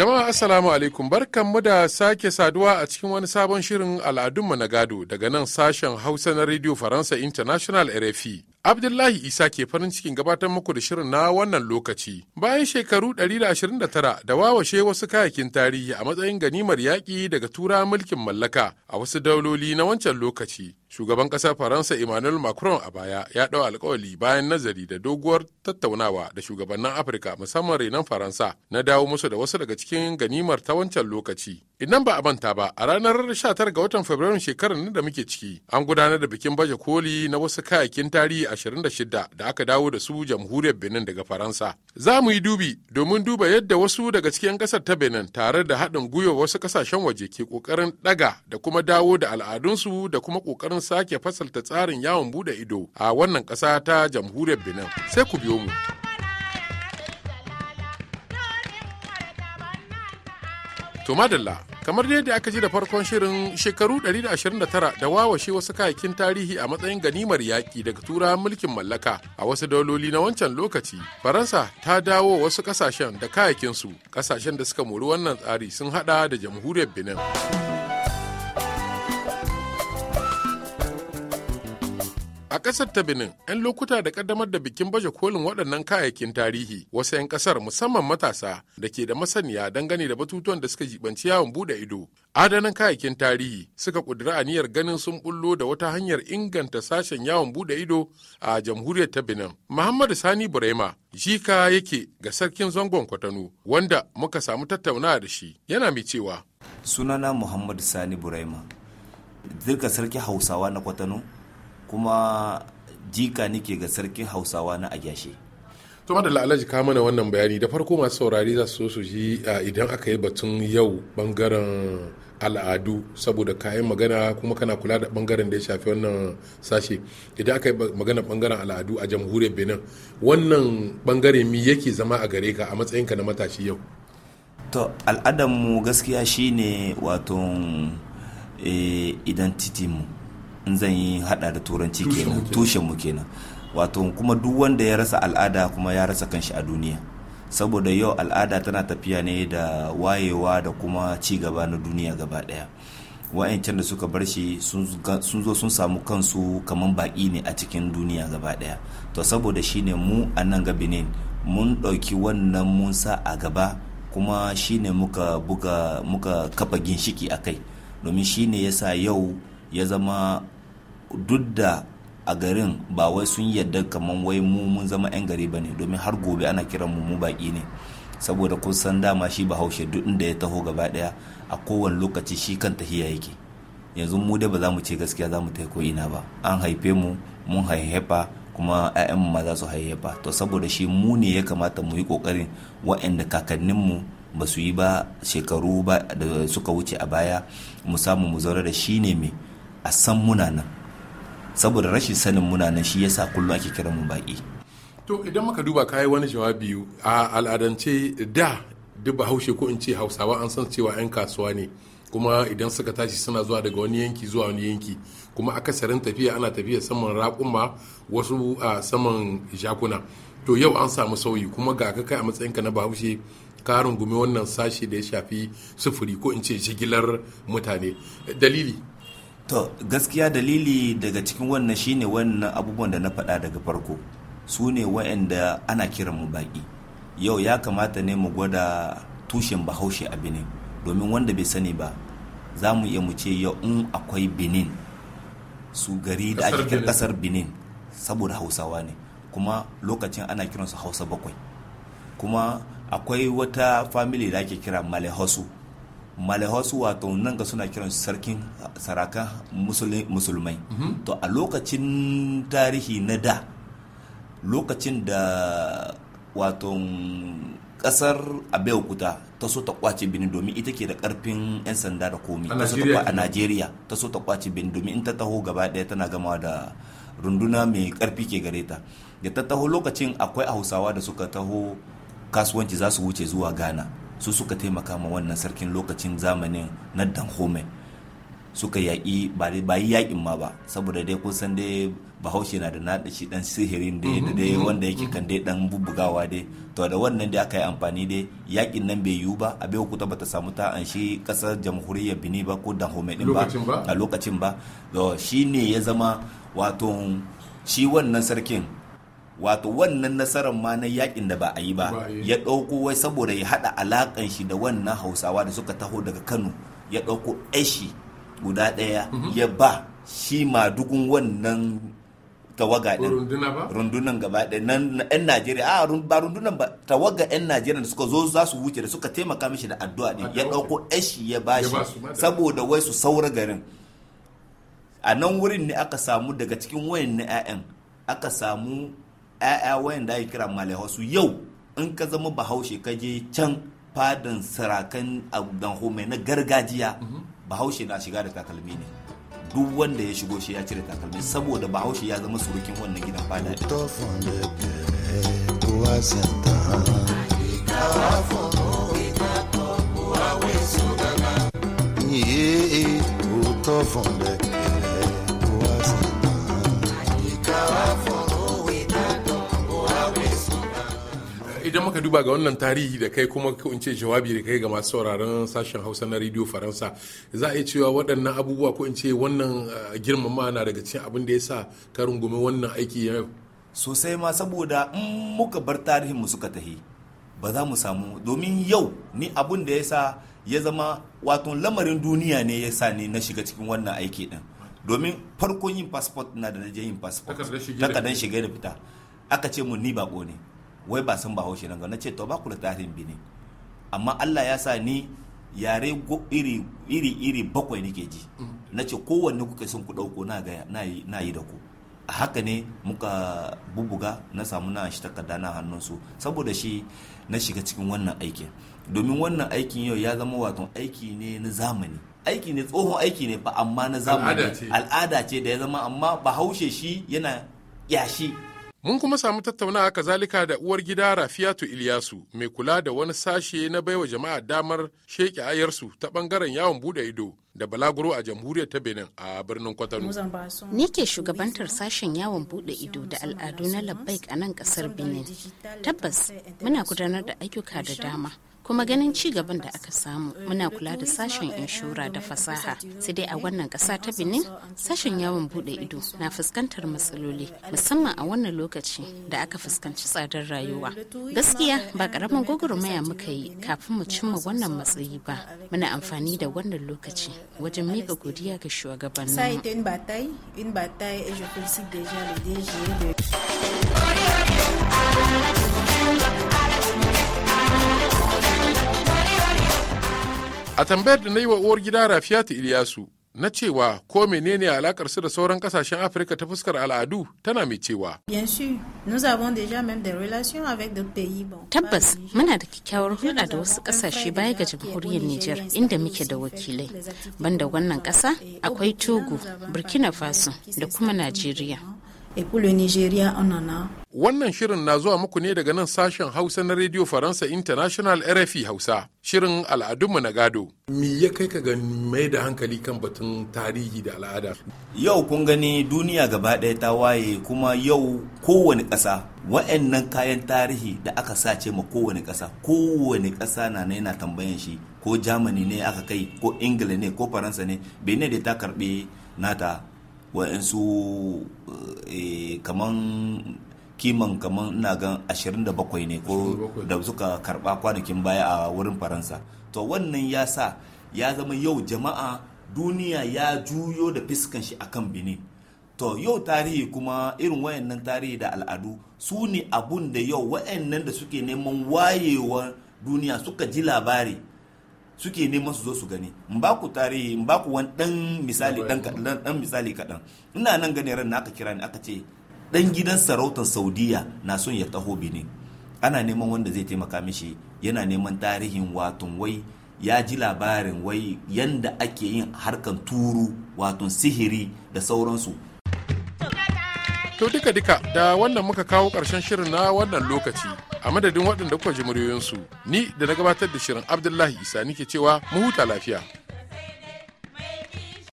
Jama'a Assalamu alaikum mu da sake saduwa a cikin wani sabon shirin al'adunmu na gado daga nan sashen Hausa na Radio Faransa International RFI. Abdullahi Isa ke farin cikin gabatar muku da shirin na wannan lokaci. Bayan shekaru 129 da wawashe wasu kayakin tarihi a matsayin ganimar yaƙi daga tura mulkin mallaka a wasu dauloli na wancan lokaci. shugaban kasar faransa emmanuel macron a baya ya ɗau alkawali bayan nazari da doguwar tattaunawa da shugabannin afirka musamman renan faransa na dawo musu da wasu daga cikin ganimar ta wancan lokaci idan ba a manta ba a ranar 19 ga watan fabrairu shekarar nan da muke ciki an gudanar da bikin baje koli na wasu kayakin tarihi 26 da aka dawo da su jamhuriyar benin daga faransa za mu yi dubi domin duba yadda wasu daga cikin kasar ta benin tare da haɗin gwiwa wasu ƙasashen waje ke kokarin ɗaga da kuma dawo da al'adunsu da kuma ƙoƙarin don sake fasalta tsarin yawon bude ido a wannan kasa ta jamhuriyar benin sai ku biyo mu to madalla kamar yadda aka ji da farkon shirin shekaru 129 da wawashe wasu kayakin tarihi a matsayin ganimar yaƙi daga tura mulkin mallaka a wasu daloli na wancan lokaci faransa ta dawo wasu kasashen da kayakinsu kasashen da suka mori wannan tsari sun hada da jamhuriyar benin A ƙasar ta Benin, 'yan lokuta da ƙaddamar da bikin baje kolin waɗannan kayayyakin tarihi, wasu 'yan ƙasar musamman matasa da ke da masaniya dangane da batutuwan da suka jibanci yawon buɗe ido. Adanan kayayyakin tarihi suka a aniyar ganin sun bullo da wata hanyar inganta sashen yawon buɗe ido a jamhuriyar ta Benin. Muhammadu Sani Burema, jika yake ga sarkin zangon Kwatano, wanda muka samu tattaunawa da shi, yana mai cewa. Sunana Muhammadu Sani Burema, dirka sarki Hausawa na Kwatano, kuma jika nike ga sarkin hausawa na agyashe to madalla alhaji ka mana wannan bayani da farko masu saurari za su su ji idan aka yi batun yau bangaren al'adu saboda kayan magana kuma kana kula da bangaren da ya shafi wannan sashe idan aka yi magana bangaren al'adu a jamhuriyar benin wannan bangare mi yake zama a gare ka a ka na matashi yau to al'adarmu gaskiya shine wato eh, identity mu in zan yi hada da turanci kenan tushen mu kenan wato kuma duk wanda ya rasa al'ada kuma ya rasa kanshi a duniya saboda yau al'ada tana tafiya ne da wayewa da kuma ci gaba na duniya gaba daya wa'ancan da suka bar shi sun zo sun samu kansu kamar baƙi ne a cikin duniya gaba daya to saboda shine mu a nan ga benin mun ɗauki wannan mun sa a gaba kuma shine muka buga muka kafa ginshiki a kai domin shine yasa yau ya zama duk da a garin ba wai sun yadda kamar wai mu mun zama 'yan gari ba ne domin har gobe ana kiran mu mu baƙi ne saboda kun san dama shi ba haushe duk inda ya taho gaba daya a kowane lokaci shi kan tahiya yake yanzu mu dai ba za mu ce gaskiya za mu ko ina ba an haife mu mun haihefa kuma ya'yan ma za su haihefa to saboda shi mu ne ya kamata mu yi kokarin wa'anda mu ba su yi ba shekaru ba da suka wuce a baya mu samu mu zaura da shi ne mai a san muna saboda rashin sanin muna nan shi yasa kullum ake kiran mu baki to idan muka duba kai wani jawabi a al'adance da duk bahaushe ko in ce hausawa an san cewa 'yan kasuwa ne kuma idan suka tashi suna zuwa daga wani yanki zuwa wani yanki kuma akasarin tafiya ana tafiya saman raƙuma wasu a saman jakuna to yau an samu sauyi kuma ga ka kai a matsayinka na bahaushe ka rungumi wannan sashi da ya shafi sufuri ko in ce jigilar mutane dalili to gaskiya dalili daga cikin wannan shine wannan abubuwan da na faɗa daga farko su ne wa'anda ana kiran mu baki yau ya kamata ne mu gwada tushen bahaushe a benin domin wanda bai sani ba za mu iya mu ce yau in akwai benin su gari da ake kira kasar benin saboda hausawa ne kuma lokacin ana kiransu hausa bakwai kuma akwai wata famili da ake kira malehosu malahasu wato nan ga suna kiran sarkin saraka musulmai mhm. to a lokacin tarihi na da lokacin da wato kasar abeokuta ta so ta kwace bini domin ita ke da karfin 'yan sanda da komi a najeriya ta so ta kwace bini domin in ta taho gaba daya tana gama da runduna mai karfi ke gare ta da ta taho lokacin akwai a hausawa da suka taho kasuwanci za su wuce zuwa ghana su suka taimaka ma wannan sarkin lokacin zamanin na danhome suka yaƙi ba yi yaƙin ma ba saboda dai kun san dai bahaushe na da naɗa shi ɗan sihirin dai da mm-hmm, dai mm-hmm. wanda yake kan dai ɗan bugawa dai to da wannan dai aka yi amfani dai yaƙin nan bai yiwu ba a bai kuta bata samu ta an shi ƙasar jamhuriyar bini ba ko danhome din ba a lokacin ba shi ne ya zama wato shi wannan sarkin wato wannan nasarar ma na yakin da ba a yi ba ya ɗauko wai saboda ya haɗa alaƙan shi da wannan hausawa da suka taho daga kano ya ɗauko ashi guda ɗaya mhm. ya ba shi dugun wannan tawaga ɗin rundunan gaba ɗaya na yan najeriya a ba rundunan ba tawaga yan najeriya da suka zo za su wuce da suka taimaka mishi da addu'a ɗin ya ɗauko ashi ya ba shi saboda wai su saura garin a nan wurin ne aka samu daga cikin wayan na 'ya'yan aka samu 'ya'ya wayanda ake kira malahasu yau in ka zama bahaushe ka je can fadin sarakan mai na gargajiya bahaushe na shiga da takalmi ne duk wanda ya shigo shi ya cire takalmi saboda bahaushe ya zama surukin wannan gidan fada Yeah, idan muka duba ga wannan tarihi da kai kuma in ce jawabi da kai ga masu sauraron sashen hausa na rediyo faransa za a yi cewa waɗannan abubuwa ko in ce wannan ah, girmama na daga cikin abin da ya sa ka rungume wannan aiki yau sosai ma saboda in muka bar tarihin mu suka tahi ba za mu samu domin yau ni abin da ya sa ya zama wato lamarin duniya ne ya sa ni na shiga cikin wannan aiki din domin farkon yin passport na da na je yin passport takardar shige da fita aka ce mu ni bako ne wai ba san bahaushe nan ga na ce to ba ku da tarihin bini amma Allah ya sa ni yare iri iri bakwai nake ji mm. na ce kowanne kuka son ku dauko na ga na yi da ku a haka ne muka bubuga na samu na shi takarda na hannunsu saboda shi na shiga cikin wannan aikin domin wannan aikin yau ya zama wato aiki ne na zamani aiki ne tsohon aiki ne fa amma na zamani al'ada ce da ya zama amma bahaushe shi yana yashi Mun kuma samu tattaunawa kazalika da uwar gida Rafiyatu Iliyasu mai kula da wani sashe na baiwa jama'a damar sheke ayarsu ta bangaren yawon bude ido da balaguro a jamhuriyar ta Benin a birnin Kwatano. Ni ke shugabantar sashen yawon bude ido da al'adu na labbaik a nan kasar Benin. Tabbas muna gudanar da ayyuka da dama. kuma ganin ci gaban da aka samu muna kula da sashen inshura da fasaha sai dai a wannan kasa ta benin sashen yawon bude ido na fuskantar matsaloli musamman a wannan lokaci da aka fuskanci tsadar rayuwa gaskiya ba karamin gwagwarmaya muka yi kafin mu cimma wannan matsayi ba muna amfani da wannan lokaci wajen mika godiya ga shugabannin a tambayar da na yi wa uwar gida rafiyatu iliyasu na cewa ko menene alakar su da sauran kasashen afirka ta fuskar al'adu tana mai cewa tabbas muna da kyakkyawar hulɗa da wasu kasashe baya ga jamhuriyar niger inda muke da wakilai banda wannan kasa akwai togo burkina faso da kuma najeriya Et pour le Nigeria, on Wannan shirin na zuwa muku ne daga nan sashen Hausa na Radio Faransa International RFI Hausa, shirin al'adunmu na gado. Me ya kai ka ga mai da hankali kan batun tarihi da al'ada? Yau kun gani duniya gaba ɗaya ta waye kuma yau kowane ƙasa wa'annan kayan tarihi da aka sace ma kowane ƙasa kowane ƙasa na yana tambayan shi ko Germany ne aka kai ko Ingila ne ko Faransa ne Benin da ta karɓe nata wa'ansu kaman kiman kaman ina gan 27 ne ko da suka karba kwanakin baya a wurin faransa to wannan ya sa ya zama yau jama'a duniya ya juyo da fiskan shi akan benin to yau tarihi kuma irin wayannan tarihi da al'adu su ne abun da yau wayannan da suke neman wayewa duniya suka ji labari suke neman su zo su gani ba ku tarihi in ba ku wani dan misali kaɗan ina nan gane ran aka kira ni aka ce dan gidan sarautar saudiya na son ya taho benin ana neman wanda zai taimaka mishi yana neman tarihin waton wai ya ji labarin wai yanda ake yin harkan turu waton sihiri da sauransu to duka duka da wannan muka kawo karshen shirin na wannan lokaci a madadin waɗanda kuka ji muryoyinsu ni da na gabatar da shirin abdullahi isa nike cewa mu huta lafiya